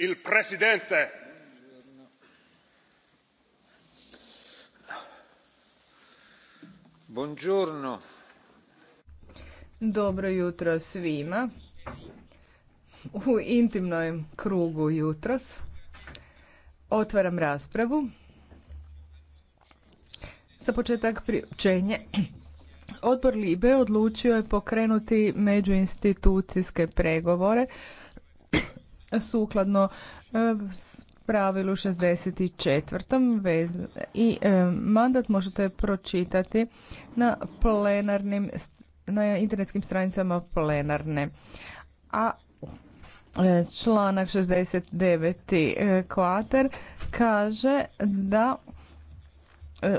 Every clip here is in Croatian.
il presidente Dobro jutro svima. U intimnom krugu jutros otvaram raspravu. Za početak priopćenje. Odbor Libe odlučio je pokrenuti međuinstitucijske pregovore sukladno e, pravilu 64. i e, mandat možete pročitati na plenarnim na internetskim stranicama plenarne. A e, članak 69. kvater kaže da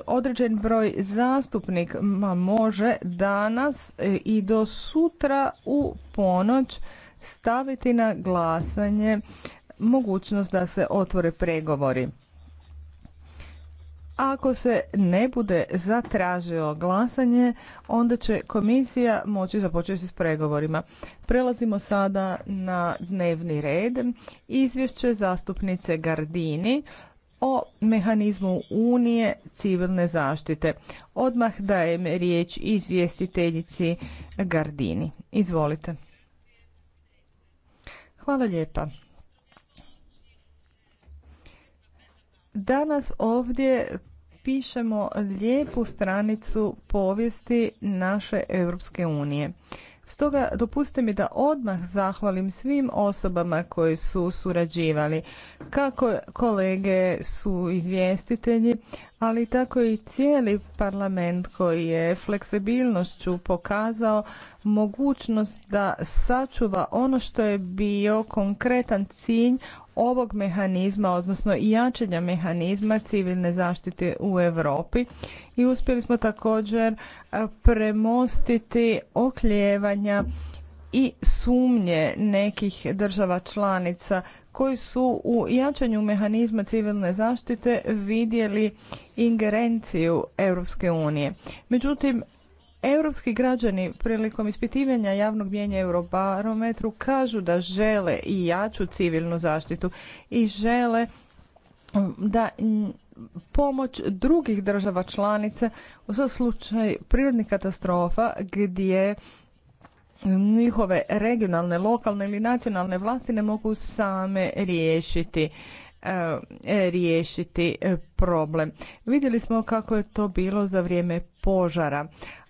određen broj zastupnika može danas i do sutra u ponoć staviti na glasanje mogućnost da se otvore pregovori. Ako se ne bude zatražilo glasanje, onda će komisija moći započeti s pregovorima. Prelazimo sada na dnevni red. Izvješće zastupnice Gardini o mehanizmu Unije civilne zaštite. Odmah dajem riječ izvjestiteljici Gardini. Izvolite. Hvala lijepa. Danas ovdje pišemo lijepu stranicu povijesti naše Europske unije. Stoga dopustite mi da odmah zahvalim svim osobama koji su surađivali, kako kolege su izvjestitelji, ali tako i cijeli parlament koji je fleksibilnošću pokazao mogućnost da sačuva ono što je bio konkretan cilj ovog mehanizma, odnosno jačanja mehanizma civilne zaštite u Europi i uspjeli smo također e, premostiti okljevanja i sumnje nekih država članica koji su u jačanju mehanizma civilne zaštite vidjeli ingerenciju Europske unije. Međutim, europski građani prilikom ispitivanja javnog mijenja Eurobarometru kažu da žele i jaču civilnu zaštitu i žele da pomoć drugih država članica za slučaj prirodnih katastrofa gdje njihove regionalne, lokalne ili nacionalne vlasti ne mogu same riješiti e, riješiti e, problem. Vidjeli smo kako je to bilo za vrijeme požara.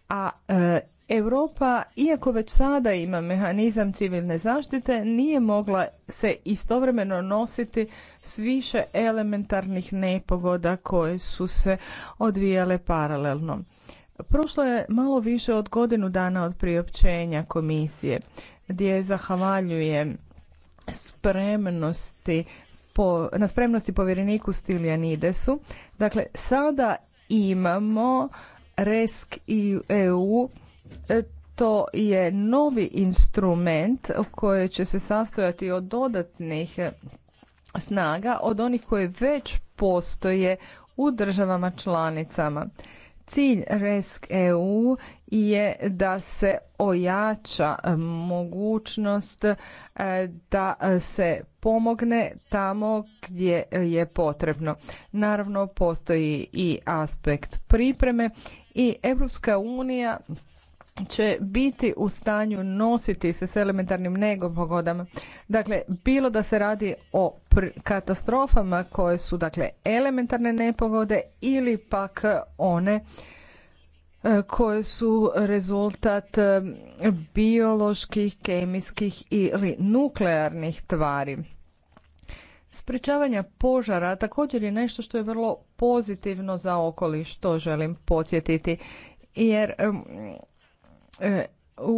A e, Europa, iako već sada ima mehanizam civilne zaštite, nije mogla se istovremeno nositi s više elementarnih nepogoda koje su se odvijale paralelno. Prošlo je malo više od godinu dana od priopćenja komisije gdje zahvaljujem spremnosti na spremnosti povjereniku Stiljanidesu. Dakle, sada imamo RESK i EU e, to je novi instrument koji će se sastojati od dodatnih snaga od onih koje već postoje u državama članicama. Cilj RESC EU e je da se ojača mogućnost e, da se pomogne tamo gdje je potrebno. Naravno, postoji i aspekt pripreme i Europska unija će biti u stanju nositi se s elementarnim nepogodama. Dakle, bilo da se radi o katastrofama koje su dakle elementarne nepogode ili pak one e, koje su rezultat e, bioloških, kemijskih ili nuklearnih tvari. Sprečavanje požara također je nešto što je vrlo pozitivno za okoliš, to želim podsjetiti jer E, u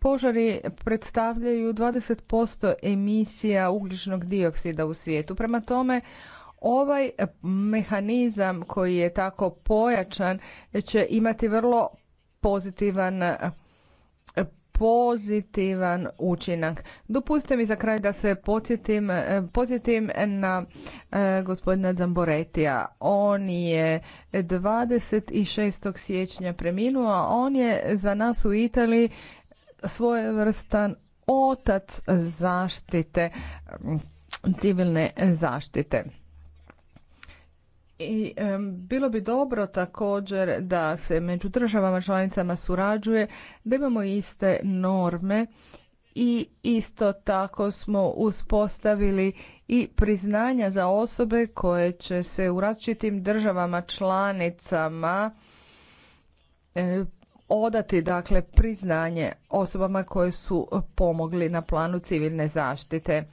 požari predstavljaju 20% emisija ugljičnog dioksida u svijetu. Prema tome, ovaj mehanizam koji je tako pojačan će imati vrlo pozitivan pozitivan učinak. Dopustite mi za kraj da se podsjetim, e, podsjetim na e, gospodina Zamboretija. On je 26. siječnja preminuo, a on je za nas u Italiji svojevrstan otac zaštite civilne zaštite. I bilo bi dobro također da se među državama članicama surađuje, da imamo iste norme i isto tako smo uspostavili i priznanja za osobe koje će se u različitim državama članicama e, odati dakle priznanje osobama koje su pomogli na planu civilne zaštite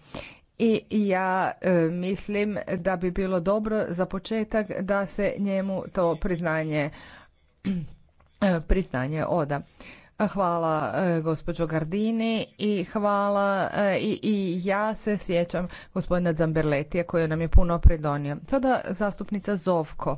i ja e, mislim da bi bilo dobro za početak da se njemu to priznanje e, priznanje oda. Hvala e, gospođo Gardini i hvala i, ja se sjećam gospodina Zamberletija koji nam je puno pridonio. Sada zastupnica Zovko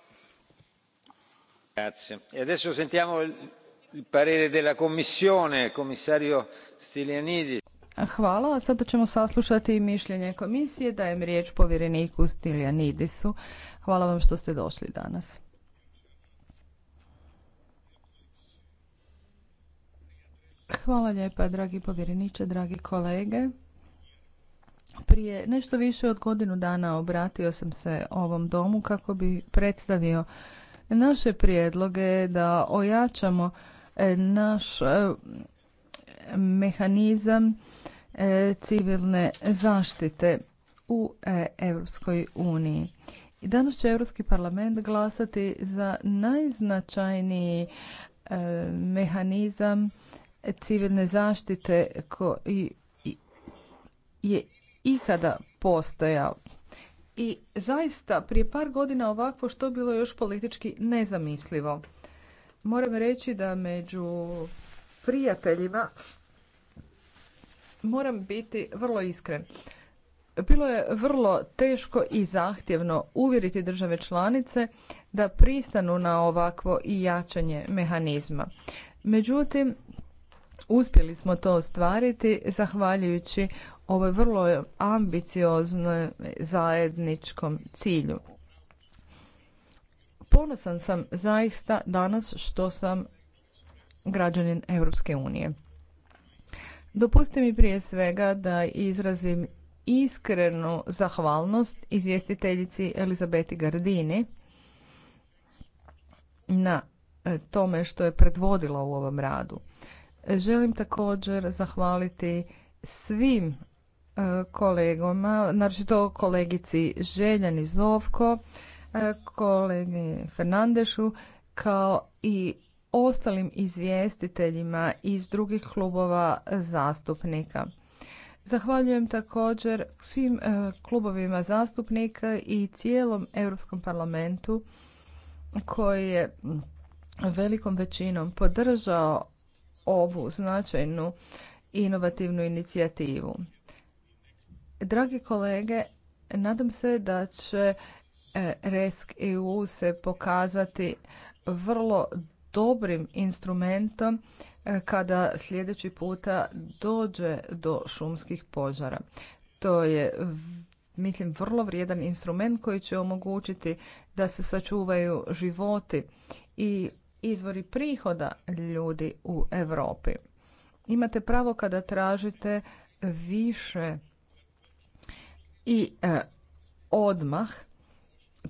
E adesso sentiamo il parere della commissione commissario stylianides Hvala. A sada ćemo saslušati mišljenje komisije. Dajem riječ povjereniku Stiljanidisu. Hvala vam što ste došli danas. Hvala lijepa, dragi povjereniče, dragi kolege. Prije nešto više od godinu dana obratio sam se ovom domu kako bi predstavio naše prijedloge da ojačamo e, naš e, mehanizam e, civilne zaštite u Europskoj uniji. danas će Europski parlament glasati za najznačajniji mehanizam civilne zaštite koji je ikada postojao. I zaista prije par godina ovakvo što bilo još politički nezamislivo. Moram reći da među prijateljima moram biti vrlo iskren. Bilo je vrlo teško i zahtjevno uvjeriti države članice da pristanu na ovakvo i jačanje mehanizma. Međutim, uspjeli smo to ostvariti zahvaljujući ovoj vrlo ambicioznoj zajedničkom cilju. Ponosan sam zaista danas što sam građanin Europske unije. Dopustite mi prije svega da izrazim iskrenu zahvalnost izvjestiteljici Elizabeti Gardini na e, tome što je predvodila u ovom radu. Želim također zahvaliti svim E, kolegama, to kolegici Željani Zovko, e, kolegi Fernandešu, kao i ostalim izvjestiteljima iz drugih klubova zastupnika. Zahvaljujem također svim e, klubovima zastupnika i cijelom Europskom parlamentu koji je velikom većinom podržao ovu značajnu inovativnu inicijativu. Dragi kolege, nadam se da će e, Resk EU se pokazati vrlo dobrim instrumentom e, kada sljedeći puta dođe do šumskih požara. To je mislim vrlo vrijedan instrument koji će omogućiti da se sačuvaju životi i izvori prihoda ljudi u Europi. Imate pravo kada tražite više i e, odmah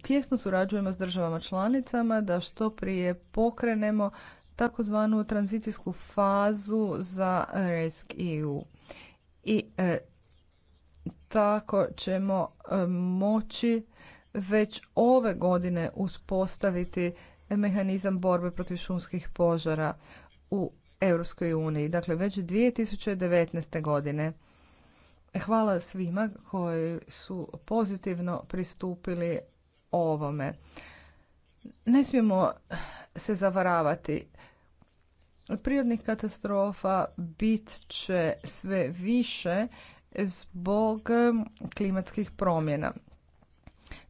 tjesno surađujemo s državama članicama da što prije pokrenemo takozvanu tranzicijsku fazu za RESC EU. I e, tako ćemo e, moći već ove godine uspostaviti mehanizam borbe protiv šumskih požara u Europskoj uniji, dakle već 2019. godine. Hvala svima koji su pozitivno pristupili ovome. Ne smijemo se zavaravati. Prirodnih katastrofa bit će sve više zbog klimatskih promjena.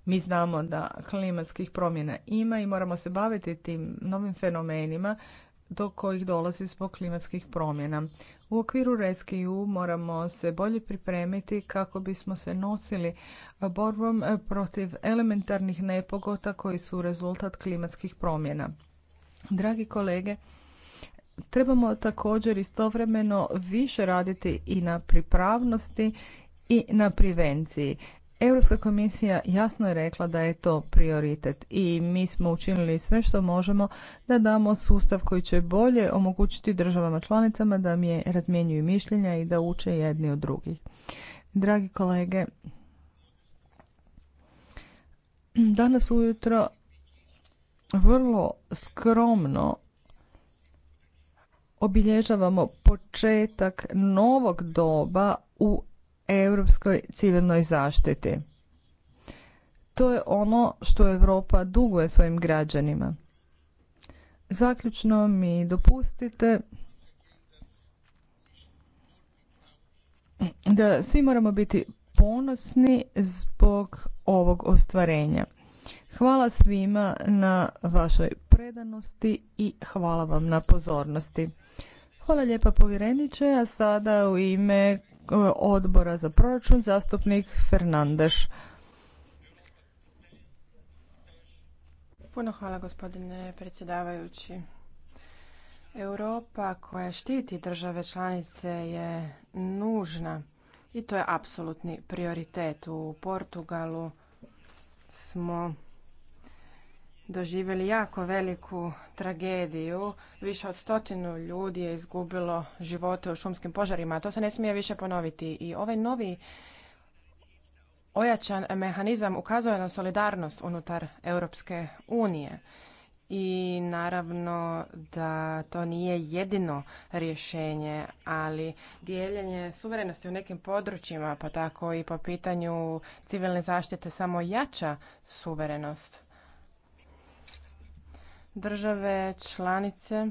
Mi znamo da klimatskih promjena ima i moramo se baviti tim novim fenomenima do kojih dolazi zbog klimatskih promjena. U okviru EU moramo se bolje pripremiti kako bismo se nosili borbom protiv elementarnih nepogoda koji su rezultat klimatskih promjena. Dragi kolege, trebamo također istovremeno više raditi i na pripravnosti i na prevenciji. Europska komisija jasno je rekla da je to prioritet i mi smo učinili sve što možemo da damo sustav koji će bolje omogućiti državama članicama da mi razmjenjuju mišljenja i da uče jedni od drugih. Dragi kolege, danas ujutro vrlo skromno obilježavamo početak novog doba u europskoj civilnoj zaštiti. To je ono što Europa duguje svojim građanima. Zaključno mi dopustite da svi moramo biti ponosni zbog ovog ostvarenja. Hvala svima na vašoj predanosti i hvala vam na pozornosti. Hvala lijepa povjereniče, a sada u ime E, odbora za proračun zastupnik Fernandeš. Puno hvala gospodine predsjedavajući. Europa koja štiti države članice je nužna i to je apsolutni prioritet. U Portugalu smo doživjeli jako veliku tragediju. Više od stotinu ljudi je izgubilo živote u šumskim požarima. To se ne smije više ponoviti. I ovaj novi ojačan mehanizam ukazuje na solidarnost unutar Europske unije. I naravno da to nije jedino rješenje, ali dijeljenje suverenosti u nekim područjima, pa tako i po pitanju civilne zaštite, samo jača suverenost države članice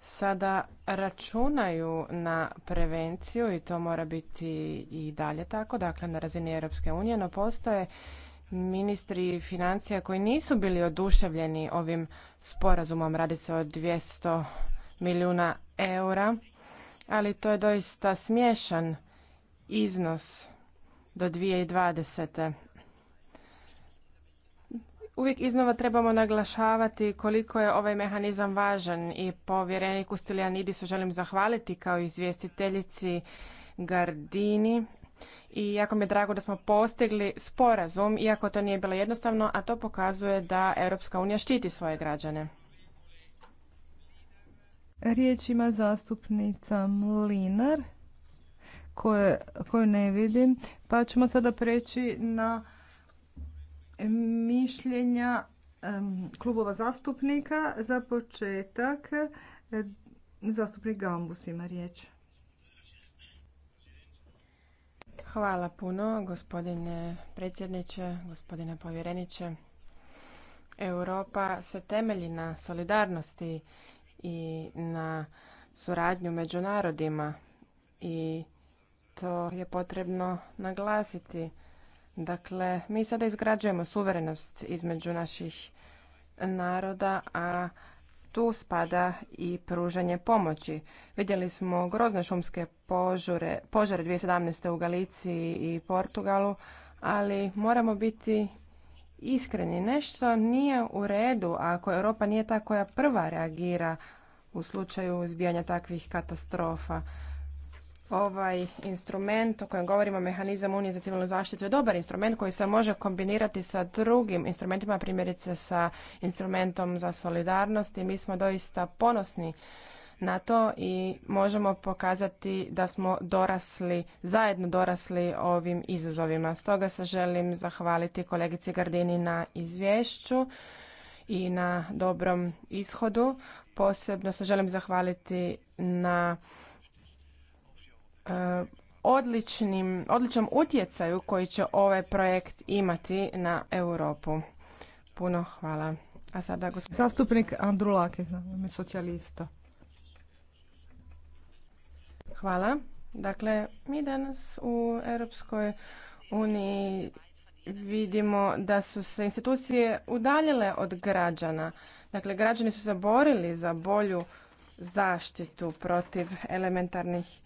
sada računaju na prevenciju i to mora biti i dalje tako, dakle na razini Europske unije, no postoje ministri financija koji nisu bili oduševljeni ovim sporazumom. Radi se o 200 milijuna eura, ali to je doista smiješan iznos do 2020. Uvijek iznova trebamo naglašavati koliko je ovaj mehanizam važan i povjereniku su želim zahvaliti kao izvjestiteljici Gardini i jako mi je drago da smo postigli sporazum, iako to nije bilo jednostavno, a to pokazuje da Europska unija štiti svoje građane. Riječ ima zastupnica Mlinar, koju ne vidim, pa ćemo sada preći na mišljenja klubova zastupnika. Za početak e, zastupnik Gambus ima riječ. Hvala puno, gospodine predsjedniče, gospodine povjereniče. Europa se temelji na solidarnosti i na suradnju među narodima i to je potrebno naglasiti Dakle, mi sada izgrađujemo suverenost između naših naroda, a tu spada i pružanje pomoći. Vidjeli smo grozne šumske požure, požare 2017. u Galiciji i Portugalu, ali moramo biti iskreni. Nešto nije u redu ako Europa nije ta koja prva reagira u slučaju izbijanja takvih katastrofa ovaj instrument o kojem govorimo, mehanizam Unije za civilnu zaštitu, je dobar instrument koji se može kombinirati sa drugim instrumentima, primjerice sa instrumentom za solidarnost i mi smo doista ponosni na to i možemo pokazati da smo dorasli, zajedno dorasli ovim izazovima. Stoga se želim zahvaliti kolegici Gardini na izvješću i na dobrom ishodu. Posebno se želim zahvaliti na odličnim, odličnom utjecaju koji će ovaj projekt imati na Europu. Puno hvala. A sada gospodin... Zastupnik socijalista. Hvala. Dakle, mi danas u Europskoj uniji vidimo da su se institucije udaljile od građana. Dakle, građani su se borili za bolju zaštitu protiv elementarnih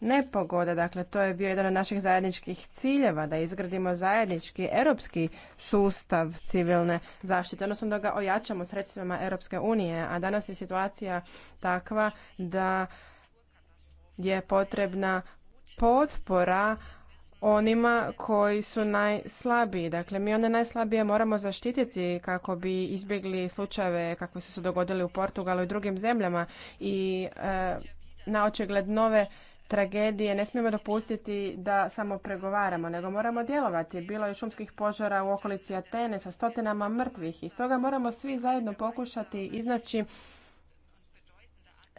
nepogoda. Dakle, to je bio jedan od naših zajedničkih ciljeva da izgradimo zajednički europski sustav civilne zaštite, odnosno da ga ojačamo sredstvima Europske unije, a danas je situacija takva da je potrebna potpora onima koji su najslabiji. Dakle, mi one najslabije moramo zaštititi kako bi izbjegli slučajeve kakvi su se dogodili u Portugalu i drugim zemljama i e, na očigled nove tragedije ne smijemo dopustiti da samo pregovaramo, nego moramo djelovati. Bilo je šumskih požara u okolici Atene sa stotinama mrtvih i stoga moramo svi zajedno pokušati iznaći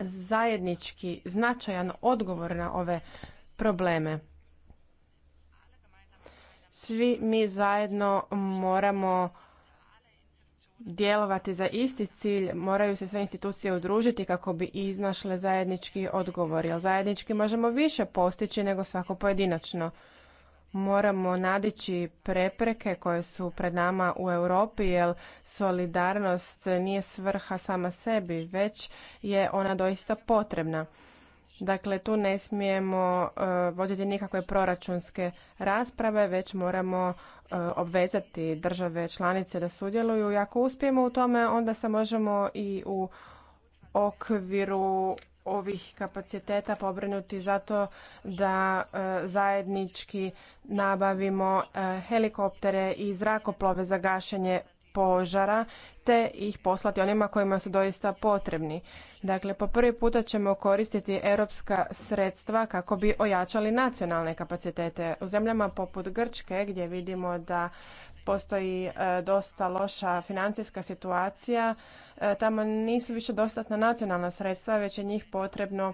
zajednički značajan odgovor na ove probleme. Svi mi zajedno moramo djelovati za isti cilj moraju se sve institucije udružiti kako bi iznašle zajednički odgovor jer zajednički možemo više postići nego svako pojedinačno moramo nadići prepreke koje su pred nama u Europi jer solidarnost nije svrha sama sebi već je ona doista potrebna Dakle, tu ne smijemo e, voditi nikakve proračunske rasprave, već moramo E, obvezati države članice da sudjeluju i ako uspijemo u tome onda se možemo i u okviru ovih kapaciteta pobrinuti zato da e, zajednički nabavimo e, helikoptere i zrakoplove za gašenje požara te ih poslati onima kojima su doista potrebni. Dakle, po prvi puta ćemo koristiti europska sredstva kako bi ojačali nacionalne kapacitete. U zemljama poput Grčke gdje vidimo da postoji e, dosta loša financijska situacija, e, tamo nisu više dostatna nacionalna sredstva, već je njih potrebno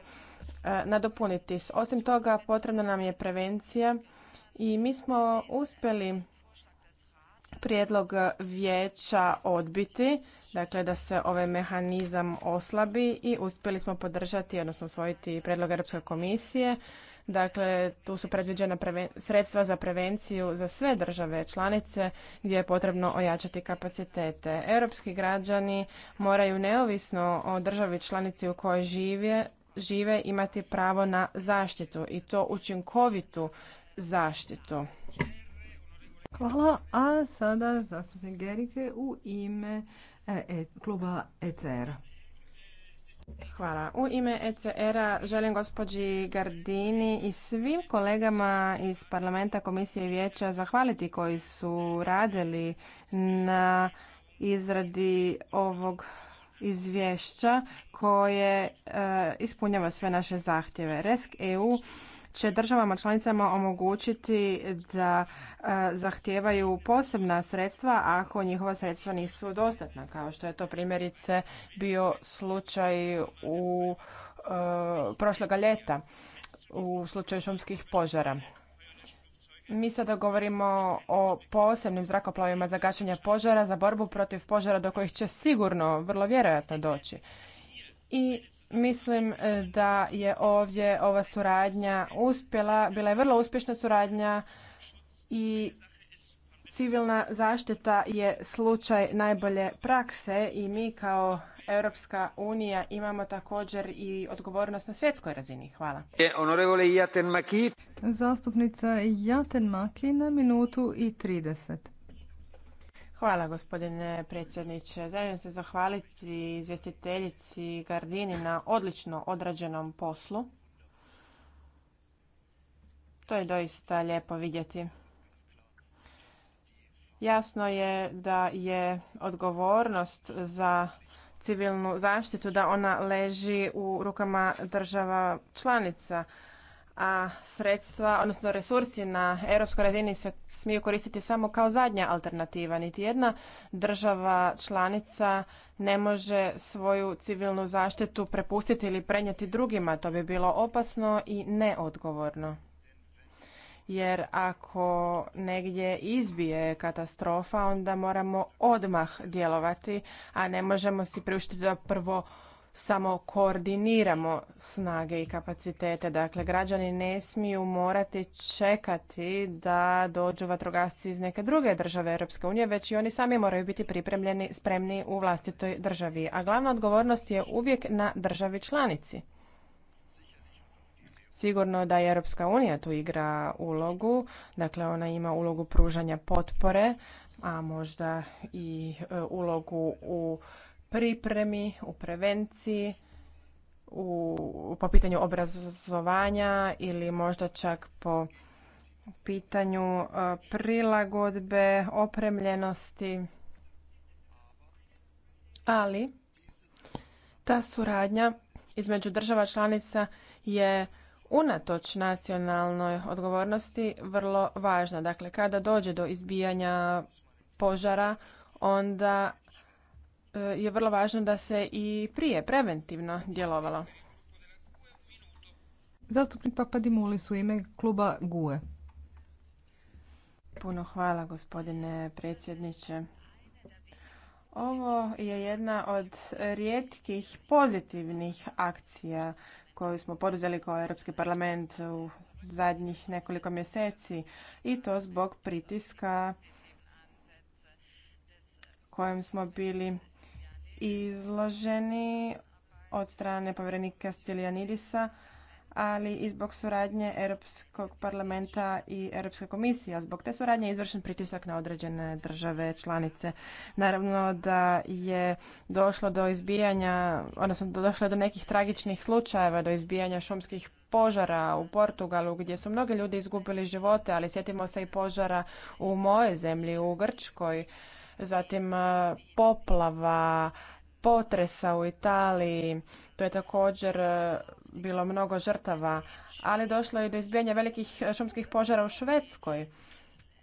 e, nadopuniti. Osim toga, potrebna nam je prevencija i mi smo uspjeli prijedlog vijeća odbiti, dakle da se ovaj mehanizam oslabi i uspjeli smo podržati, odnosno usvojiti prijedlog Europske komisije. Dakle, tu su predviđena sredstva za prevenciju za sve države članice gdje je potrebno ojačati kapacitete. Europski građani moraju neovisno o državi članici u kojoj žive, žive imati pravo na zaštitu i to učinkovitu zaštitu. Hvala. A sada zastupnik Gerike u ime e, e, kluba ECR. Hvala. U ime ECR-a želim gospođi Gardini i svim kolegama iz parlamenta, komisije i vijeća zahvaliti koji su radili na izradi ovog izvješća koje e, ispunjava sve naše zahtjeve. Resk EU će državama članicama omogućiti da e, zahtijevaju posebna sredstva ako njihova sredstva nisu dostatna, kao što je to primjerice bio slučaj u e, prošloga ljeta u slučaju šumskih požara. Mi sada govorimo o posebnim zrakoplovima za gašenje požara, za borbu protiv požara do kojih će sigurno, vrlo vjerojatno doći. I Mislim e, da je ovdje ova suradnja uspjela, bila je vrlo uspješna suradnja i civilna zaštita je slučaj najbolje prakse i mi kao Europska unija imamo također i odgovornost na svjetskoj razini. Hvala. E, Zastupnica Jaten Maki na minutu i 30. Hvala gospodine predsjedniče. Želim se zahvaliti izvjestiteljici Gardini na odlično odrađenom poslu. To je doista lijepo vidjeti. Jasno je da je odgovornost za civilnu zaštitu da ona leži u rukama država članica a sredstva, odnosno resursi na europskoj razini se smiju koristiti samo kao zadnja alternativa. Niti jedna država članica ne može svoju civilnu zaštitu prepustiti ili prenijeti drugima. To bi bilo opasno i neodgovorno. Jer ako negdje izbije katastrofa, onda moramo odmah djelovati, a ne možemo si priuštiti da prvo samo koordiniramo snage i kapacitete. Dakle, građani ne smiju morati čekati da dođu vatrogasci iz neke druge države Europske unije, već i oni sami moraju biti pripremljeni, spremni u vlastitoj državi. A glavna odgovornost je uvijek na državi članici. Sigurno da je Europska unija tu igra ulogu, dakle ona ima ulogu pružanja potpore, a možda i e, ulogu u pripremi, u prevenciji, u, po pitanju obrazovanja ili možda čak po pitanju e, prilagodbe, opremljenosti. Ali ta suradnja između država članica je unatoč nacionalnoj odgovornosti vrlo važna. Dakle, kada dođe do izbijanja požara, onda Eh, je vrlo važno da se i prije preventivno djelovalo. Zastupnik Papadimulis u ime kluba GUE. Puno hvala gospodine predsjedniče. Ovo je jedna od rijetkih pozitivnih akcija koju smo poduzeli kao Europski parlament u zadnjih nekoliko mjeseci i to zbog pritiska kojem smo bili izloženi od strane povjerenika Stilianidisa, ali i zbog suradnje Europskog parlamenta i Europske komisije. Zbog te suradnje je izvršen pritisak na određene države članice. Naravno da je došlo do izbijanja, odnosno došlo je do nekih tragičnih slučajeva, do izbijanja šumskih požara u Portugalu gdje su mnogi ljudi izgubili živote, ali sjetimo se i požara u mojoj zemlji, u Grčkoj zatim e, poplava, potresa u Italiji, to je također e, bilo mnogo žrtava, ali došlo je do izbijanja velikih šumskih požara u Švedskoj.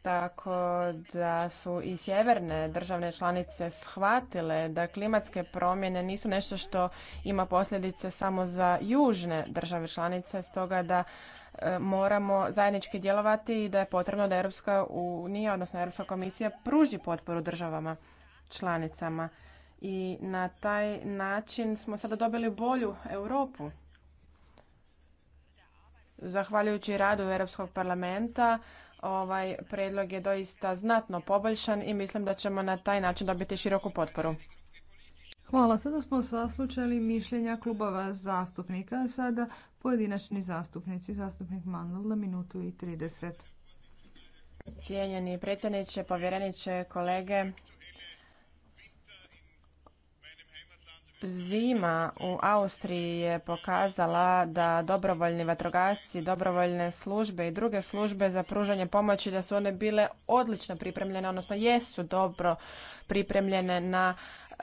Tako da su i sjeverne državne članice shvatile da klimatske promjene nisu nešto što ima posljedice samo za južne države članice, stoga da moramo zajednički djelovati i da je potrebno da Europska unija, odnosno Europska komisija pruži potporu državama članicama. I na taj način smo sada dobili bolju Europu. Zahvaljujući radu Europskog parlamenta ovaj predlog je doista znatno poboljšan i mislim da ćemo na taj način dobiti široku potporu. Hvala. Sada smo saslučali mišljenja klubova zastupnika. Sada Pojedinačni zastupnici, zastupnik na minutu i 30. Cijenjeni predsjedniče, povjereniče, kolege, Zima u Austriji je pokazala da dobrovoljni vatrogasci, dobrovoljne službe i druge službe za pružanje pomoći da su one bile odlično pripremljene, odnosno jesu dobro pripremljene na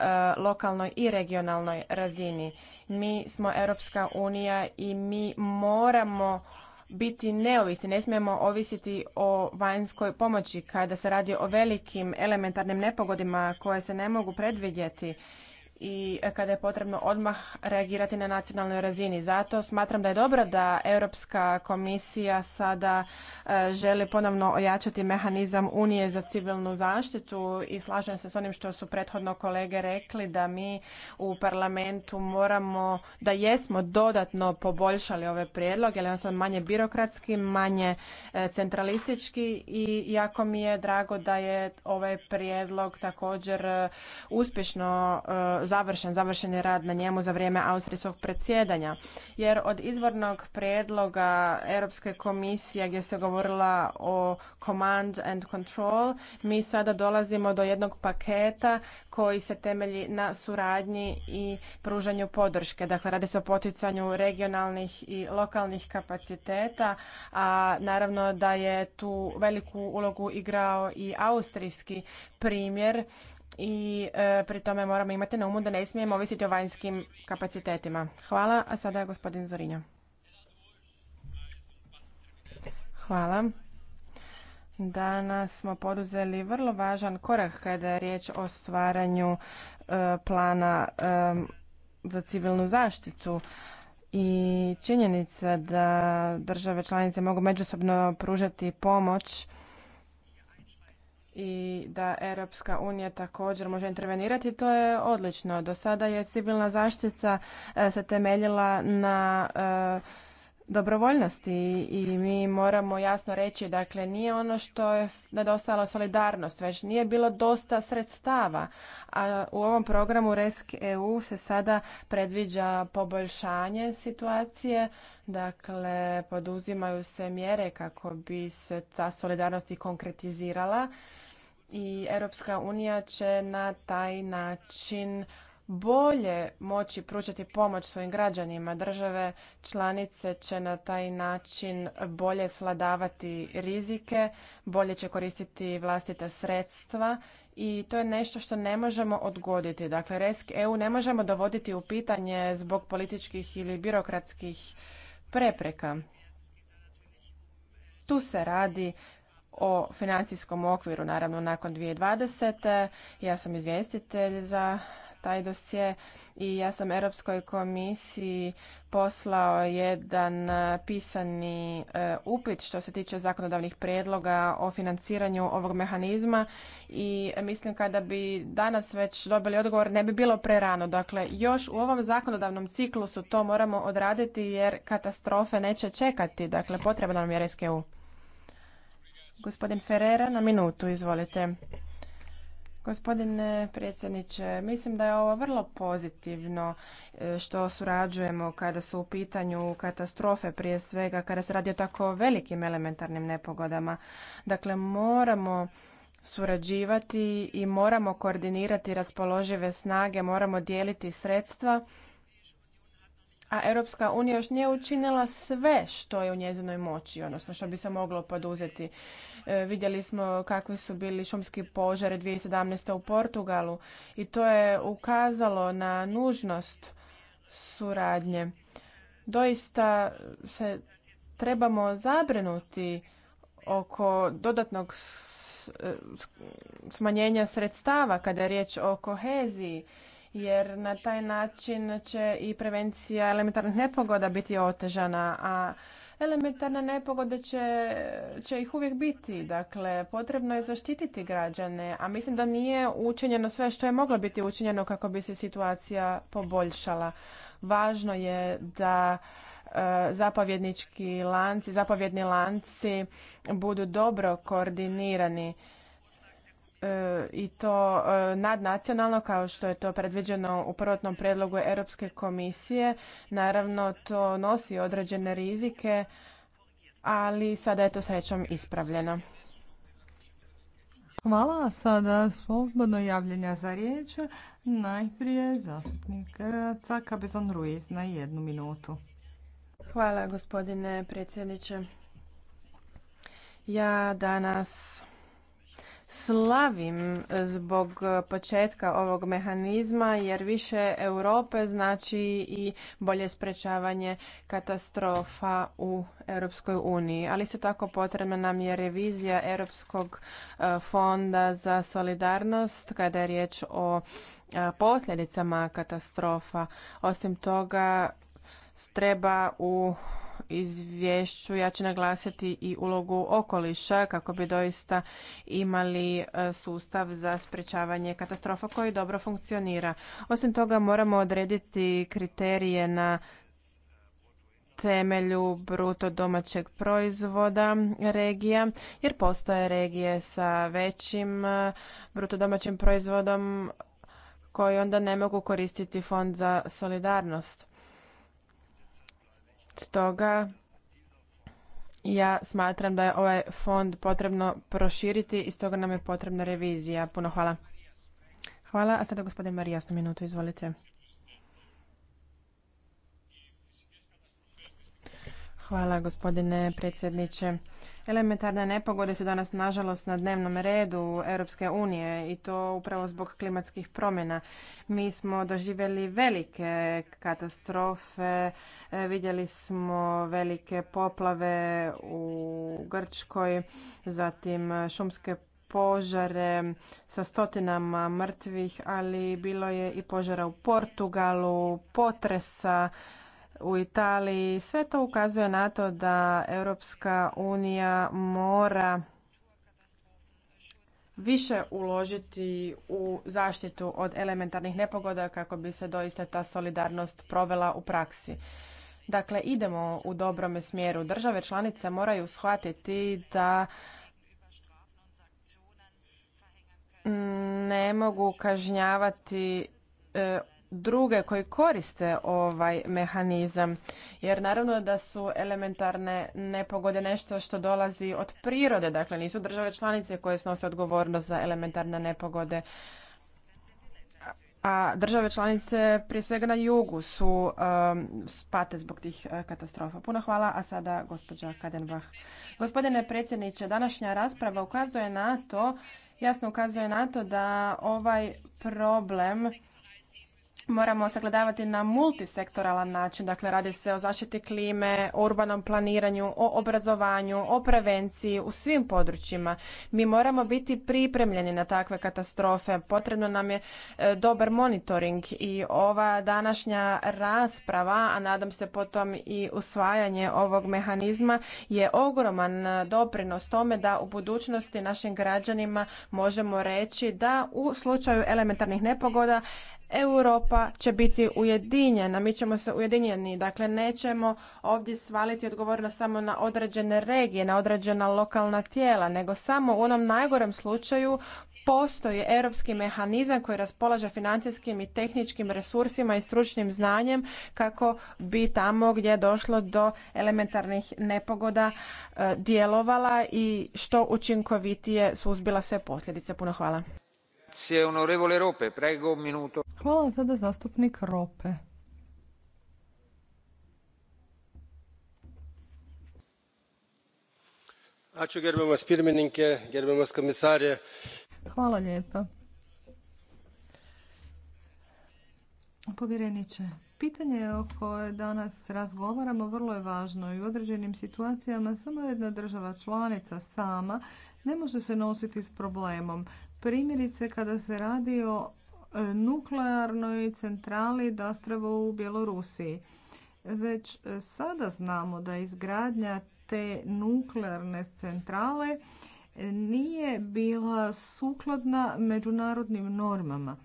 Eh, lokalnoj i regionalnoj razini. Mi smo Europska unija i mi moramo biti neovisni, ne smijemo ovisiti o vanjskoj pomoći kada se radi o velikim elementarnim nepogodima koje se ne mogu predvidjeti i kada je potrebno odmah reagirati na nacionalnoj razini. Zato smatram da je dobro da Europska komisija sada e, želi ponovno ojačati mehanizam Unije za civilnu zaštitu i slažem se s onim što su prethodno kolege rekli da mi u parlamentu moramo, da jesmo dodatno poboljšali ove prijedloge, ali on sam manje birokratski, manje e, centralistički i jako mi je drago da je ovaj prijedlog također e, uspješno završen, završeni rad na njemu za vrijeme austrijskog predsjedanja. Jer od izvornog prijedloga Europske komisije gdje se govorila o command and control, mi sada dolazimo do jednog paketa koji se temelji na suradnji i pružanju podrške. Dakle, radi se o poticanju regionalnih i lokalnih kapaciteta, a naravno da je tu veliku ulogu igrao i austrijski primjer i e, pri tome moramo imati na umu da ne smijemo ovisiti o vanjskim kapacitetima. Hvala, a sada je gospodin Zorinja. Hvala. Danas smo poduzeli vrlo važan korak kada je riječ o stvaranju e, plana e, za civilnu zaštitu i činjenica da države članice mogu međusobno pružati pomoć i da Europska unija također može intervenirati, to je odlično. Do sada je civilna zaštita e, se temeljila na e, dobrovoljnosti i mi moramo jasno reći, dakle, nije ono što je nedostala solidarnost, već nije bilo dosta sredstava. A u ovom programu RESC EU se sada predviđa poboljšanje situacije, dakle, poduzimaju se mjere kako bi se ta solidarnost i konkretizirala i Europska unija će na taj način bolje moći pružati pomoć svojim građanima. Države članice će na taj način bolje svladavati rizike, bolje će koristiti vlastita sredstva i to je nešto što ne možemo odgoditi. Dakle, RESK EU ne možemo dovoditi u pitanje zbog političkih ili birokratskih prepreka. Tu se radi o financijskom okviru, naravno nakon 2020. Ja sam izvjestitelj za taj dosje i ja sam Europskoj komisiji poslao jedan e, pisani e, upit što se tiče zakonodavnih prijedloga o financiranju ovog mehanizma i mislim kada bi danas već dobili odgovor ne bi bilo prerano. Dakle, još u ovom zakonodavnom ciklusu to moramo odraditi jer katastrofe neće čekati. Dakle, potrebno nam je RSKU. Gospodin Ferrera na minutu, izvolite. Gospodine predsjedniče, mislim da je ovo vrlo pozitivno e, što surađujemo kada su u pitanju katastrofe, prije svega kada se radi o tako velikim elementarnim nepogodama. Dakle, moramo surađivati i moramo koordinirati raspoložive snage, moramo dijeliti sredstva a Europska unija još nije učinila sve što je u njezinoj moći, odnosno što bi se moglo poduzeti. E, vidjeli smo kakvi su bili šumski požari 2017. u Portugalu i to je ukazalo na nužnost suradnje. Doista se trebamo zabrinuti oko dodatnog e, smanjenja sredstava kada je riječ o koheziji jer na taj način će i prevencija elementarnih nepogoda biti otežana, a elementarne nepogode će, će ih uvijek biti. Dakle, potrebno je zaštititi građane, a mislim da nije učinjeno sve što je moglo biti učinjeno kako bi se situacija poboljšala. Važno je da e, zapovjednički lanci, zapovjedni lanci budu dobro koordinirani E, i to e, nadnacionalno kao što je to predviđeno u prvotnom predlogu Europske komisije. Naravno, to nosi određene rizike, ali sada je to srećom ispravljeno. Hvala. Sada slobodno javljenja za riječ. Najprije zastupnik e, Caka Bezon Ruiz na jednu minutu. Hvala gospodine predsjedniče. Ja danas slavim zbog početka ovog mehanizma jer više Europe znači i bolje sprečavanje katastrofa u Europskoj uniji. Ali se tako potrebna nam je revizija Europskog e, fonda za solidarnost kada je riječ o e, posljedicama katastrofa. Osim toga treba u izvješću ja ću naglasiti i ulogu okoliša kako bi doista imali e, sustav za sprječavanje katastrofa koji dobro funkcionira. Osim toga moramo odrediti kriterije na temelju bruto domaćeg proizvoda regija, jer postoje regije sa većim e, bruto domaćim proizvodom koji onda ne mogu koristiti fond za solidarnost. Stoga ja smatram da je ovaj fond potrebno proširiti i stoga nam je potrebna revizija. Puno hvala. Hvala, a sada gospodin Marijas na minutu, izvolite. Hvala gospodine predsjedniče. Elementarne nepogode su danas nažalost na dnevnom redu Europske unije i to upravo zbog klimatskih promjena. Mi smo doživjeli velike katastrofe, vidjeli smo velike poplave u Grčkoj, zatim šumske požare sa stotinama mrtvih, ali bilo je i požara u Portugalu, potresa u Italiji. Sve to ukazuje na to da Europska unija mora više uložiti u zaštitu od elementarnih nepogoda kako bi se doista ta solidarnost provela u praksi. Dakle, idemo u dobrom smjeru. Države članice moraju shvatiti da ne mogu kažnjavati e, druge koji koriste ovaj mehanizam jer naravno da su elementarne nepogode nešto što dolazi od prirode dakle nisu države članice koje snose odgovornost za elementarne nepogode a države članice prije svega na jugu su um, spate zbog tih uh, katastrofa. Puno hvala, a sada gospođa Kadenbach. Gospodine predsjedniče, današnja rasprava ukazuje na to, jasno ukazuje na to da ovaj problem moramo sagledavati na multisektoralan način. Dakle, radi se o zaštiti klime, o urbanom planiranju, o obrazovanju, o prevenciji u svim područjima. Mi moramo biti pripremljeni na takve katastrofe. Potrebno nam je e, dobar monitoring i ova današnja rasprava, a nadam se potom i usvajanje ovog mehanizma, je ogroman doprinos tome da u budućnosti našim građanima možemo reći da u slučaju elementarnih nepogoda Europa će biti ujedinjena, mi ćemo se ujedinjeni, dakle nećemo ovdje svaliti odgovornost samo na određene regije, na određena lokalna tijela, nego samo u onom najgorem slučaju postoji europski mehanizam koji raspolaže financijskim i tehničkim resursima i stručnim znanjem kako bi tamo gdje je došlo do elementarnih nepogoda e, djelovala i što učinkovitije suzbila sve posljedice. Puno hvala. Rope, prego minuto. Hvala sada zastupnik Rope. Hvala lijepa. Povjereniče, pitanje o koje danas razgovaramo vrlo je važno i u određenim situacijama samo jedna država članica sama ne može se nositi s problemom. Primjerice kada se radi o e, nuklearnoj centrali Dastrovo u Bjelorusiji. Već e, sada znamo da izgradnja te nuklearne centrale e, nije bila sukladna međunarodnim normama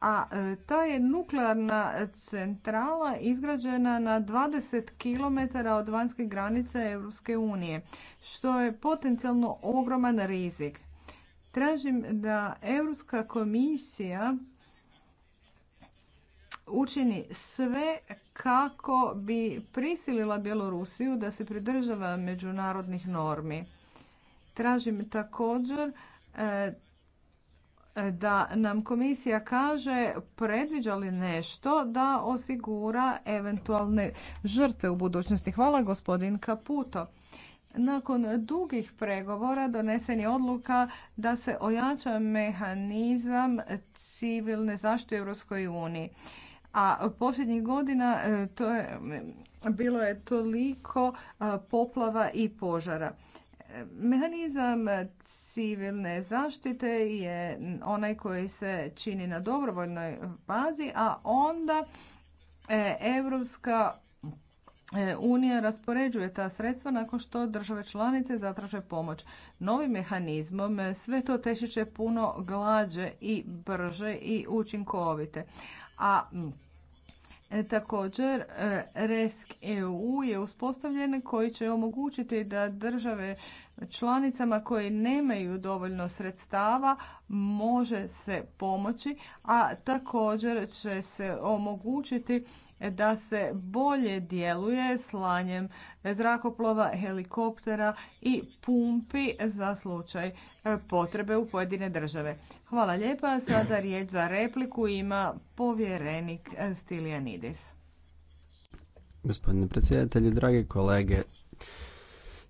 a e, ta je nuklearna centrala izgrađena na 20 km od vanjske granice Europske unije, što je potencijalno ogroman rizik. Tražim da Europska komisija učini sve kako bi prisilila Bjelorusiju da se pridržava međunarodnih normi. Tražim također e, da nam komisija kaže predviđa li nešto da osigura eventualne žrtve u budućnosti. Hvala gospodin Kaputo. Nakon dugih pregovora donesen je odluka da se ojača mehanizam civilne zaštite u EU. A posljednjih godina e, to je, bilo je toliko poplava i požara. E, mehanizam civilne zaštite je onaj koji se čini na dobrovoljnoj bazi, a onda Europska e, Unija raspoređuje ta sredstva nakon što države članice zatraže pomoć. Novim mehanizmom sve to teši će puno glađe i brže i učinkovite. A e, Također, e, RESC EU je uspostavljen koji će omogućiti da države članicama koje nemaju dovoljno sredstava može se pomoći, a također će se omogućiti da se bolje djeluje slanjem zrakoplova, helikoptera i pumpi za slučaj e, potrebe u pojedine države. Hvala lijepa. Sada riječ za repliku ima povjerenik Stilianidis. Gospodine predsjedatelji, drage kolege,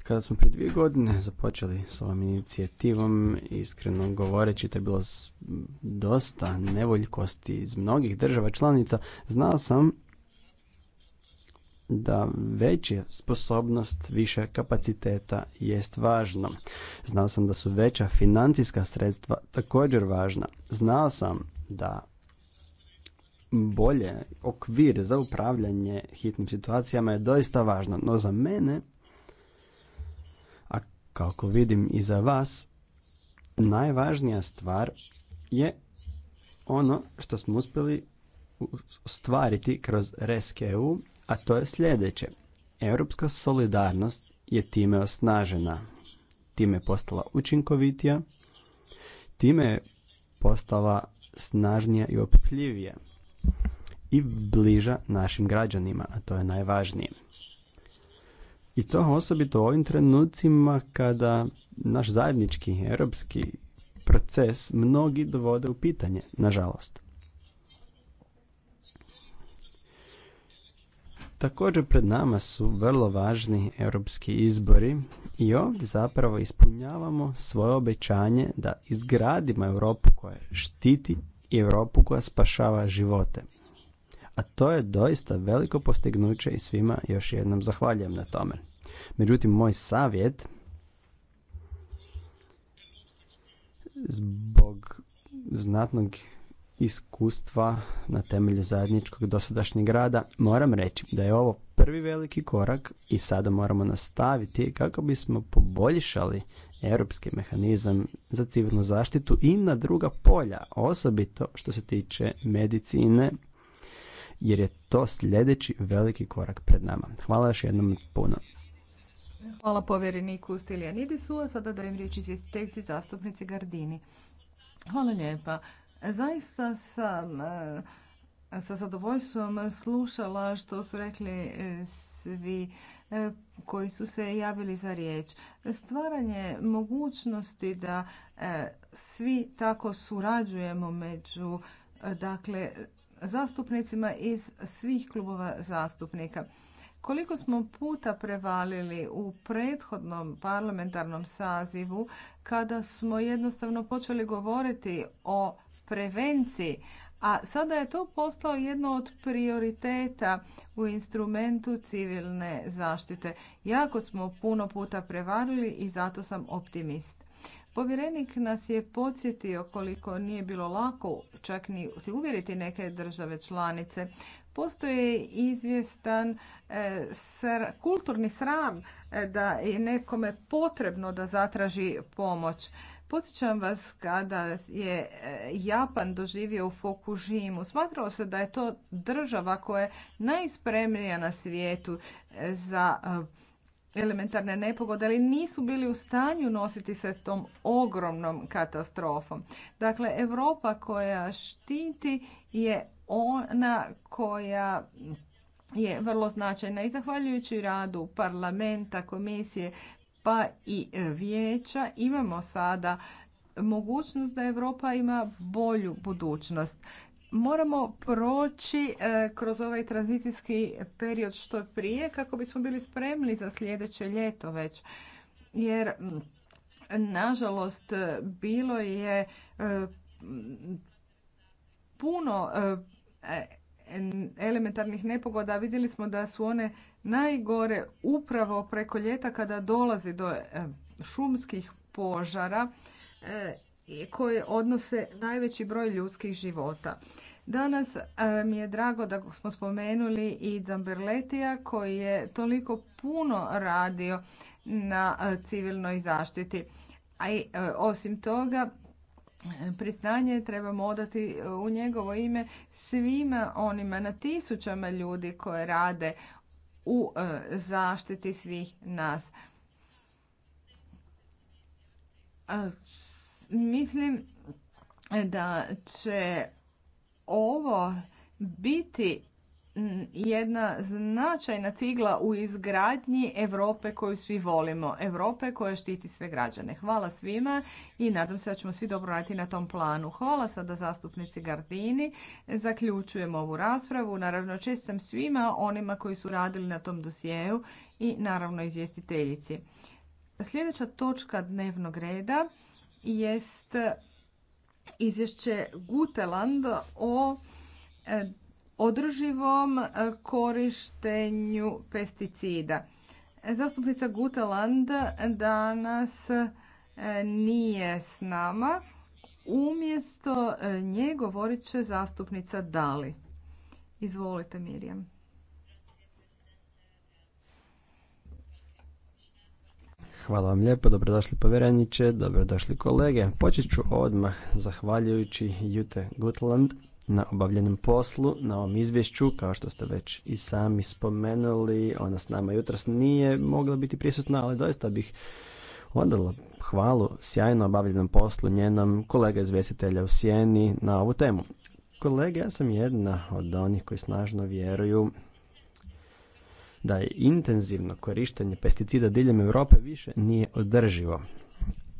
kada smo prije dvije godine započeli s ovom inicijativom, iskreno govoreći, to je bilo dosta nevoljkosti iz mnogih država članica, znao sam da veća sposobnost, više kapaciteta jest važno. Znao sam da su veća financijska sredstva također važna. Znao sam da bolje okvir za upravljanje hitnim situacijama je doista važno, no za mene kako vidim i za vas, najvažnija stvar je ono što smo uspjeli stvariti kroz RESC-EU, a to je sljedeće. Europska solidarnost je time osnažena, time je postala učinkovitija, time je postala snažnija i opljivija i bliža našim građanima, a to je najvažnije. I to osobito u ovim trenucima kada naš zajednički europski proces mnogi dovode u pitanje, nažalost. Također pred nama su vrlo važni europski izbori i ovdje zapravo ispunjavamo svoje obećanje da izgradimo Europu koja štiti i Europu koja spašava živote a to je doista veliko postignuće i svima još jednom zahvaljujem na tome. Međutim, moj savjet zbog znatnog iskustva na temelju zajedničkog dosadašnjeg rada, moram reći da je ovo prvi veliki korak i sada moramo nastaviti kako bismo poboljšali europski mehanizam za civilnu zaštitu i na druga polja, osobito što se tiče medicine jer je to sljedeći veliki korak pred nama. Hvala još jednom puno. Hvala povjereniku a sada dajem riječ izvjestiteljci zastupnici Gardini. Hvala lijepa. Zaista sam e, sa zadovoljstvom slušala što su rekli e, svi e, koji su se javili za riječ. Stvaranje mogućnosti da svi tako surađujemo među dakle zastupnicima iz svih klubova zastupnika. Koliko smo puta prevalili u prethodnom parlamentarnom sazivu kada smo jednostavno počeli govoriti o prevenciji, a sada je to postalo jedno od prioriteta u instrumentu civilne zaštite. Jako smo puno puta prevalili i zato sam optimist. Povjerenik nas je podsjetio koliko nije bilo lako čak ni uvjeriti neke države članice. Postoji izvjestan e, kulturni sram e, da je nekome potrebno da zatraži pomoć. Podsjećam vas kada je e, Japan doživio u Fukushimu. Smatralo se da je to država koja je najspremnija na svijetu za elementarne nepogode, ali nisu bili u stanju nositi se tom ogromnom katastrofom. Dakle, Europa koja štiti je ona koja je vrlo značajna i zahvaljujući radu parlamenta, komisije pa i vijeća imamo sada mogućnost da Europa ima bolju budućnost moramo proći e, kroz ovaj tranzicijski period što prije kako bismo bili spremni za sljedeće ljeto već. Jer, nažalost, e, bilo je e, puno elementarnih nepogoda. Vidjeli smo da su one najgore upravo preko ljeta kada dolazi do šumskih požara koje odnose najveći broj ljudskih života. Danas e, mi je drago da smo spomenuli i Zamberletija koji je toliko puno radio na e, civilnoj zaštiti. A i e, osim toga, priznanje trebamo odati u njegovo ime svima onima na tisućama ljudi koje rade u zaštiti svih nas Mislim e, da će ovo biti jedna značajna cigla u izgradnji Europe koju svi volimo, Europe koja štiti sve građane. Hvala svima i nadam se da ćemo svi dobro raditi na tom planu. Hvala sada zastupnici Gardini. Zaključujem ovu raspravu. Naravno čestam svima onima koji su radili na tom dosjeu i naravno izvjestiteljici. Sljedeća točka dnevnog reda jest izvješće Guteland o e, održivom e, korištenju pesticida. Zastupnica Guteland danas e, nije s nama. Umjesto nje govorit će zastupnica Dali. Izvolite Mirjam. Hvala vam lijepo, dobrodošli povjereniče, dobrodošli kolege. Počet ću odmah zahvaljujući Jute Gutland na obavljenom poslu, na ovom izvješću, kao što ste već i sami spomenuli, ona s nama jutros nije mogla biti prisutna, ali doista bih odala hvalu sjajno obavljenom poslu njenom kolega izvjestitelja u Sjeni na ovu temu. Kolega, ja sam jedna od onih koji snažno vjeruju da je intenzivno korištenje pesticida diljem Europe više nije održivo.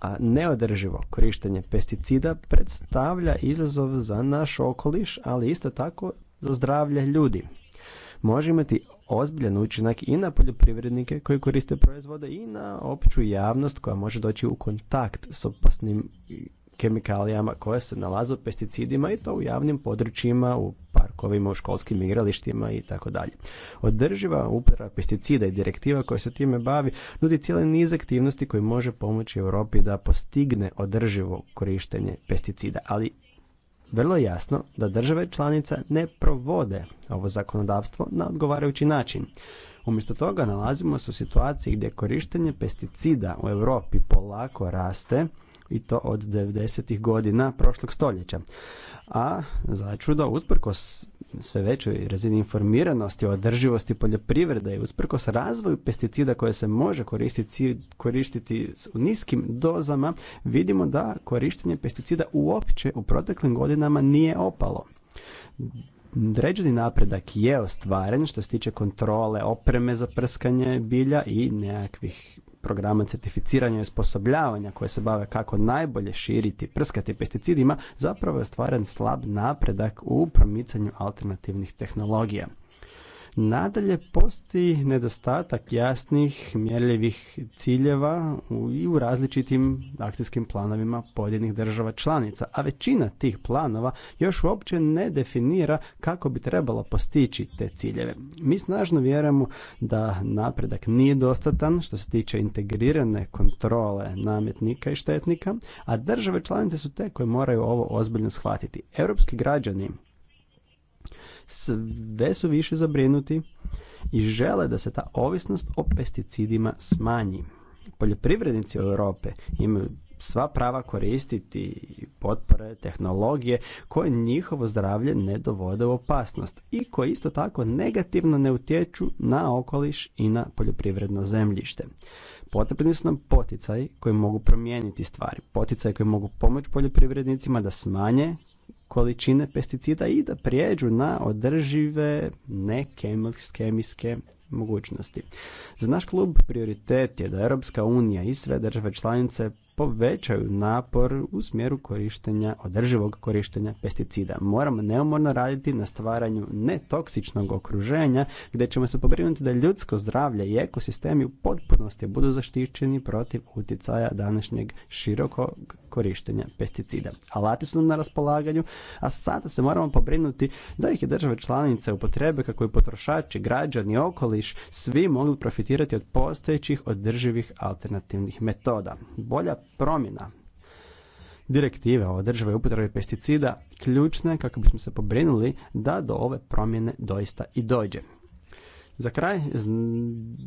A neodrživo korištenje pesticida predstavlja izazov za naš okoliš, ali isto tako za zdravlje ljudi. Može imati ozbiljan učinak i na poljoprivrednike koji koriste proizvode i na opću javnost koja može doći u kontakt s opasnim kemikalijama koje se nalaze u pesticidima i to u javnim područjima, u parkovima, u školskim igralištima i tako dalje. Održiva uprava pesticida i direktiva koja se time bavi nudi cijeli niz aktivnosti koji može pomoći Europi da postigne održivo korištenje pesticida, ali vrlo jasno da države članica ne provode ovo zakonodavstvo na odgovarajući način. Umjesto toga nalazimo se u situaciji gdje korištenje pesticida u Europi polako raste, i to od 90. godina prošlog stoljeća. A za čudo, usprkos sve većoj razini informiranosti o održivosti poljoprivrede i usprkos razvoju pesticida koje se može koristiti, koristiti u niskim dozama, vidimo da korištenje pesticida uopće u proteklim godinama nije opalo. Određeni napredak je ostvaren što se tiče kontrole opreme za prskanje bilja i nekakvih programa certificiranja i osposobljavanja koje se bave kako najbolje širiti, prskati pesticidima, zapravo je ostvaren slab napredak u promicanju alternativnih tehnologija. Nadalje, postoji nedostatak jasnih, mjerljivih ciljeva i u različitim akcijskim planovima pojedinih država članica, a većina tih planova još uopće ne definira kako bi trebalo postići te ciljeve. Mi snažno vjerujemo da napredak nije dostatan što se tiče integrirane kontrole nametnika i štetnika, a države članice su te koje moraju ovo ozbiljno shvatiti. Europski građani sve su više zabrinuti i žele da se ta ovisnost o pesticidima smanji. Poljoprivrednici Europe imaju sva prava koristiti potpore, tehnologije koje njihovo zdravlje ne dovode u opasnost i koje isto tako negativno ne utječu na okoliš i na poljoprivredno zemljište. Potrebni su nam poticaji koji mogu promijeniti stvari, poticaji koji mogu pomoći poljoprivrednicima da smanje količine pesticida i da prijeđu na održive nekemijske mogućnosti. Za naš klub prioritet je da Europska unija i sve države članice povećaju napor u smjeru korištenja, održivog korištenja pesticida. Moramo neumorno raditi na stvaranju netoksičnog okruženja gdje ćemo se pobrinuti da ljudsko zdravlje i ekosistemi u potpunosti budu zaštićeni protiv utjecaja današnjeg širokog korištenja pesticida. Alati su nam na raspolaganju, a sada se moramo pobrinuti da ih i države članice upotrebe kako i potrošači, građani, okoliš, svi mogu profitirati od postojećih održivih alternativnih metoda. Bolja promjena. Direktive o održivoj upotrebi pesticida ključne kako bismo se pobrinuli da do ove promjene doista i dođe. Za kraj,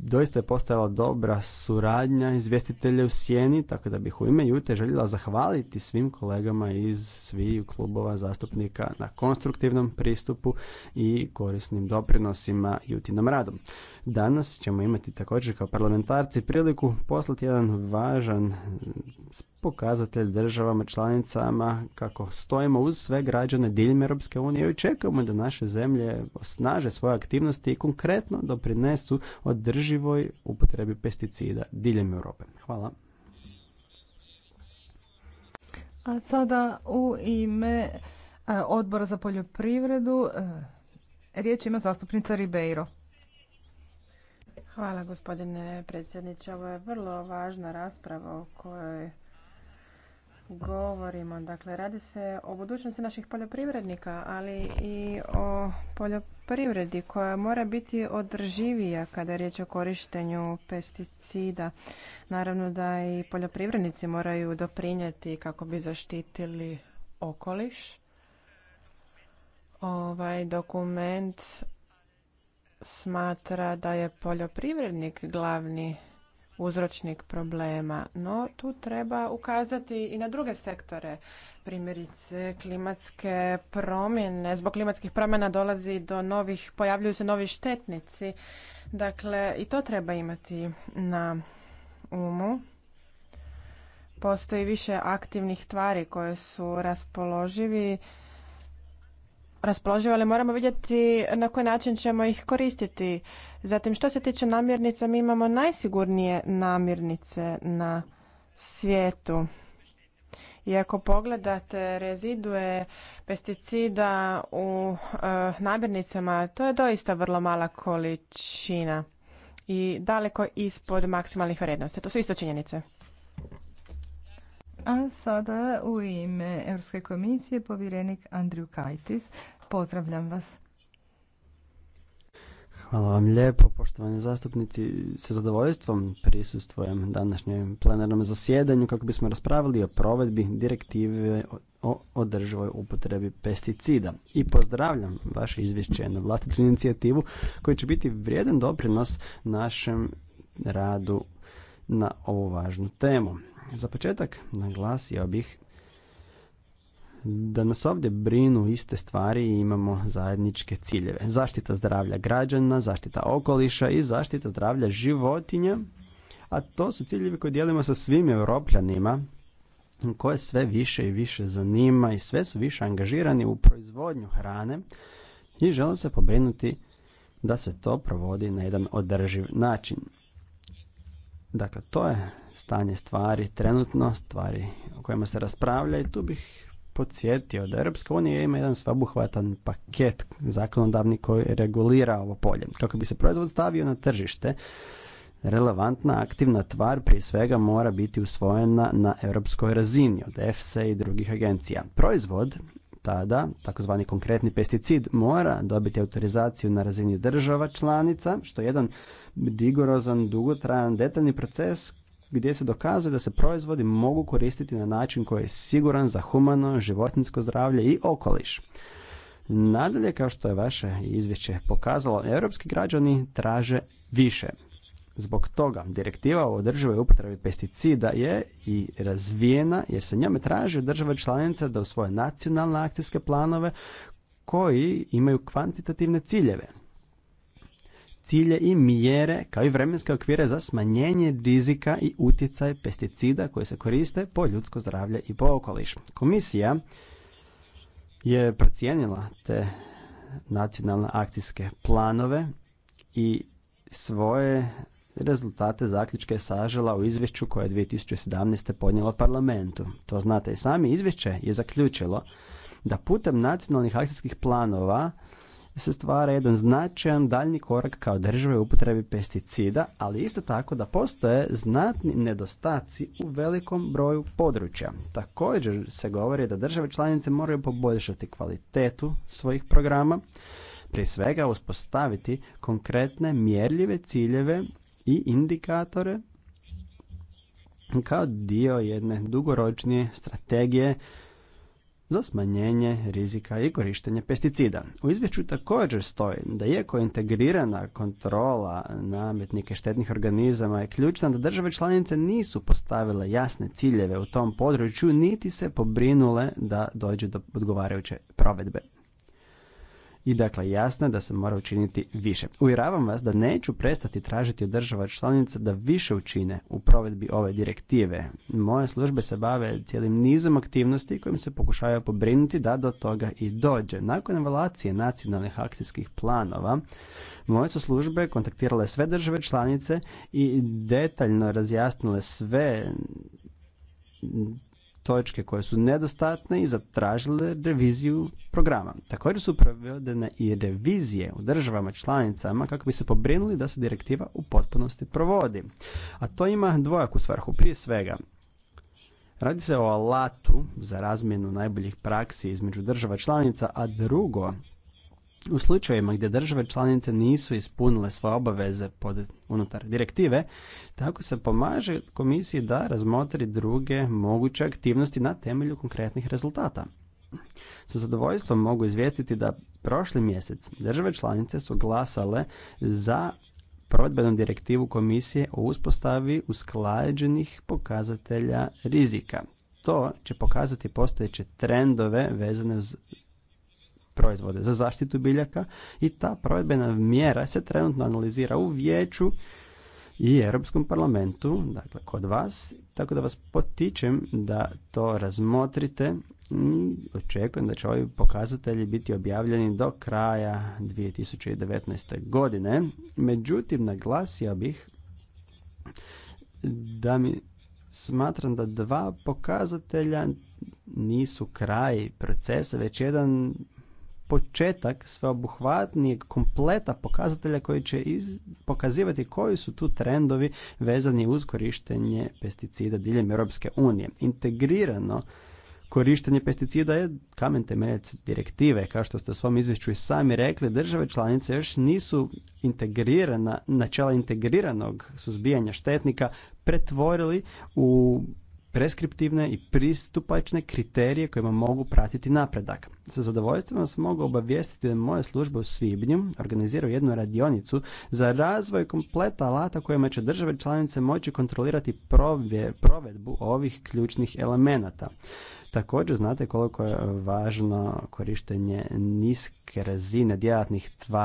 doista je postojala dobra suradnja izvjestitelja u Sjeni, tako da bih u ime Jute željela zahvaliti svim kolegama iz svih klubova zastupnika na konstruktivnom pristupu i korisnim doprinosima Jutinom radom. Danas ćemo imati također kao parlamentarci priliku poslati jedan važan pokazatelj državama članicama kako stojimo uz sve građane diljem Europske unije i očekujemo da naše zemlje osnaže svoje aktivnosti i konkretno doprinesu održivoj upotrebi pesticida diljem Europe. Hvala. A sada u ime e, Odbora za poljoprivredu e, riječ ima zastupnica Ribeiro. Hvala gospodine predsjedniče. Ovo je vrlo važna rasprava o kojoj govorimo. Dakle, radi se o budućnosti naših poljoprivrednika, ali i o poljoprivredi koja mora biti održivija kada je riječ o korištenju pesticida. Naravno da i poljoprivrednici moraju doprinijeti kako bi zaštitili okoliš. Ovaj dokument smatra da je poljoprivrednik glavni uzročnik problema, no tu treba ukazati i na druge sektore. Primjerice klimatske promjene, zbog klimatskih promjena dolazi do novih, pojavljuju se novi štetnici. Dakle, i to treba imati na umu. Postoji više aktivnih tvari koje su raspoloživi raspoložive, ali moramo vidjeti na koji način ćemo ih koristiti. Zatim, što se tiče namirnica, mi imamo najsigurnije namirnice na svijetu. I ako pogledate rezidue pesticida u e, namirnicama, to je doista vrlo mala količina i daleko ispod maksimalnih vrednosti. To su isto činjenice. A sada u ime Europske komisije povjerenik Andriju Kajtis. Pozdravljam vas. Hvala vam lijepo, poštovani zastupnici. Sa zadovoljstvom prisustvujem današnjem plenarnom zasjedanju kako bismo raspravili o provedbi direktive o održivoj upotrebi pesticida. I pozdravljam vaše izvješće na vlastitu inicijativu koji će biti vrijedan doprinos našem radu na ovu važnu temu. Za početak naglasio bih da nas ovdje brinu iste stvari i imamo zajedničke ciljeve. Zaštita zdravlja građana, zaštita okoliša i zaštita zdravlja životinja, a to su ciljevi koje dijelimo sa svim europljanima koje sve više i više zanima i sve su više angažirani u proizvodnju hrane i žele se pobrinuti da se to provodi na jedan održiv način. Dakle, to je stanje stvari, trenutno stvari o kojima se raspravlja i tu bih podsjetio da Europska unija ima jedan sveobuhvatan paket zakonodavni koji regulira ovo polje. Kako bi se proizvod stavio na tržište, relevantna aktivna tvar prije svega mora biti usvojena na europskoj razini od EFSA i drugih agencija. Proizvod tada, takozvani konkretni pesticid, mora dobiti autorizaciju na razini država članica, što je jedan rigorozan, dugotrajan, detaljni proces gdje se dokazuje da se proizvodi mogu koristiti na način koji je siguran za humano, životinsko zdravlje i okoliš. Nadalje, kao što je vaše izvješće pokazalo, europski građani traže više. Zbog toga direktiva o održivoj upotrebi pesticida je i razvijena jer se njome traži država članica da svoje nacionalne akcijske planove koji imaju kvantitativne ciljeve cilje i mjere kao i vremenske okvire za smanjenje rizika i utjecaj pesticida koji se koriste po ljudsko zdravlje i po okoliš. Komisija je procijenila te nacionalne akcijske planove i svoje rezultate zaključke sažela u izvješću koje je 2017. podnijelo parlamentu. To znate i sami, izvješće je zaključilo da putem nacionalnih akcijskih planova se stvara jedan značajan daljni korak kao države u upotrebi pesticida, ali isto tako da postoje znatni nedostaci u velikom broju područja. Također se govori da države članice moraju poboljšati kvalitetu svojih programa, prije svega uspostaviti konkretne mjerljive ciljeve i indikatore kao dio jedne dugoročnije strategije za smanjenje rizika i korištenje pesticida. U izvješću također stoji da je integrirana kontrola nametnike štetnih organizama je ključna da države članice nisu postavile jasne ciljeve u tom području niti se pobrinule da dođe do odgovarajuće provedbe i dakle jasno je da se mora učiniti više. Uvjeravam vas da neću prestati tražiti od država članica da više učine u provedbi ove direktive. Moje službe se bave cijelim nizom aktivnosti kojim se pokušavaju pobrinuti da do toga i dođe. Nakon evaluacije nacionalnih akcijskih planova, moje su službe kontaktirale sve države članice i detaljno razjasnile sve točke koje su nedostatne i zatražile reviziju programa. Također su provedene i revizije u državama članicama kako bi se pobrinuli da se direktiva u potpunosti provodi. A to ima dvojaku svrhu. Prije svega, radi se o alatu za razmjenu najboljih praksi između država članica, a drugo, u slučajevima gdje države članice nisu ispunile svoje obaveze pod, unutar direktive, tako se pomaže komisiji da razmotri druge moguće aktivnosti na temelju konkretnih rezultata. Sa zadovoljstvom mogu izvijestiti da prošli mjesec države članice su glasale za provedbenu direktivu komisije o uspostavi usklađenih pokazatelja rizika. To će pokazati postojeće trendove vezane uz proizvode za zaštitu biljaka i ta provedbena mjera se trenutno analizira u vijeću i Europskom parlamentu, dakle kod vas, tako da vas potičem da to razmotrite i očekujem da će ovi pokazatelji biti objavljeni do kraja 2019. godine. Međutim, naglasio bih da mi smatram da dva pokazatelja nisu kraj procesa, već jedan početak sveobuhvatnijeg kompleta pokazatelja koji će pokazivati koji su tu trendovi vezani uz korištenje pesticida diljem Europske unije. Integrirano korištenje pesticida je kamen temeljac direktive. Kao što ste u svom izvješću i sami rekli, države članice još nisu integrirana, načela integriranog suzbijanja štetnika pretvorili u preskriptivne i pristupačne kriterije kojima mogu pratiti napredak. Sa zadovoljstvom vas mogu obavijestiti da moje službe u Svibnju organiziraju jednu radionicu za razvoj kompleta alata kojima će države članice moći kontrolirati provedbu ovih ključnih elemenata. Također znate koliko je važno korištenje niske razine djelatnih tvari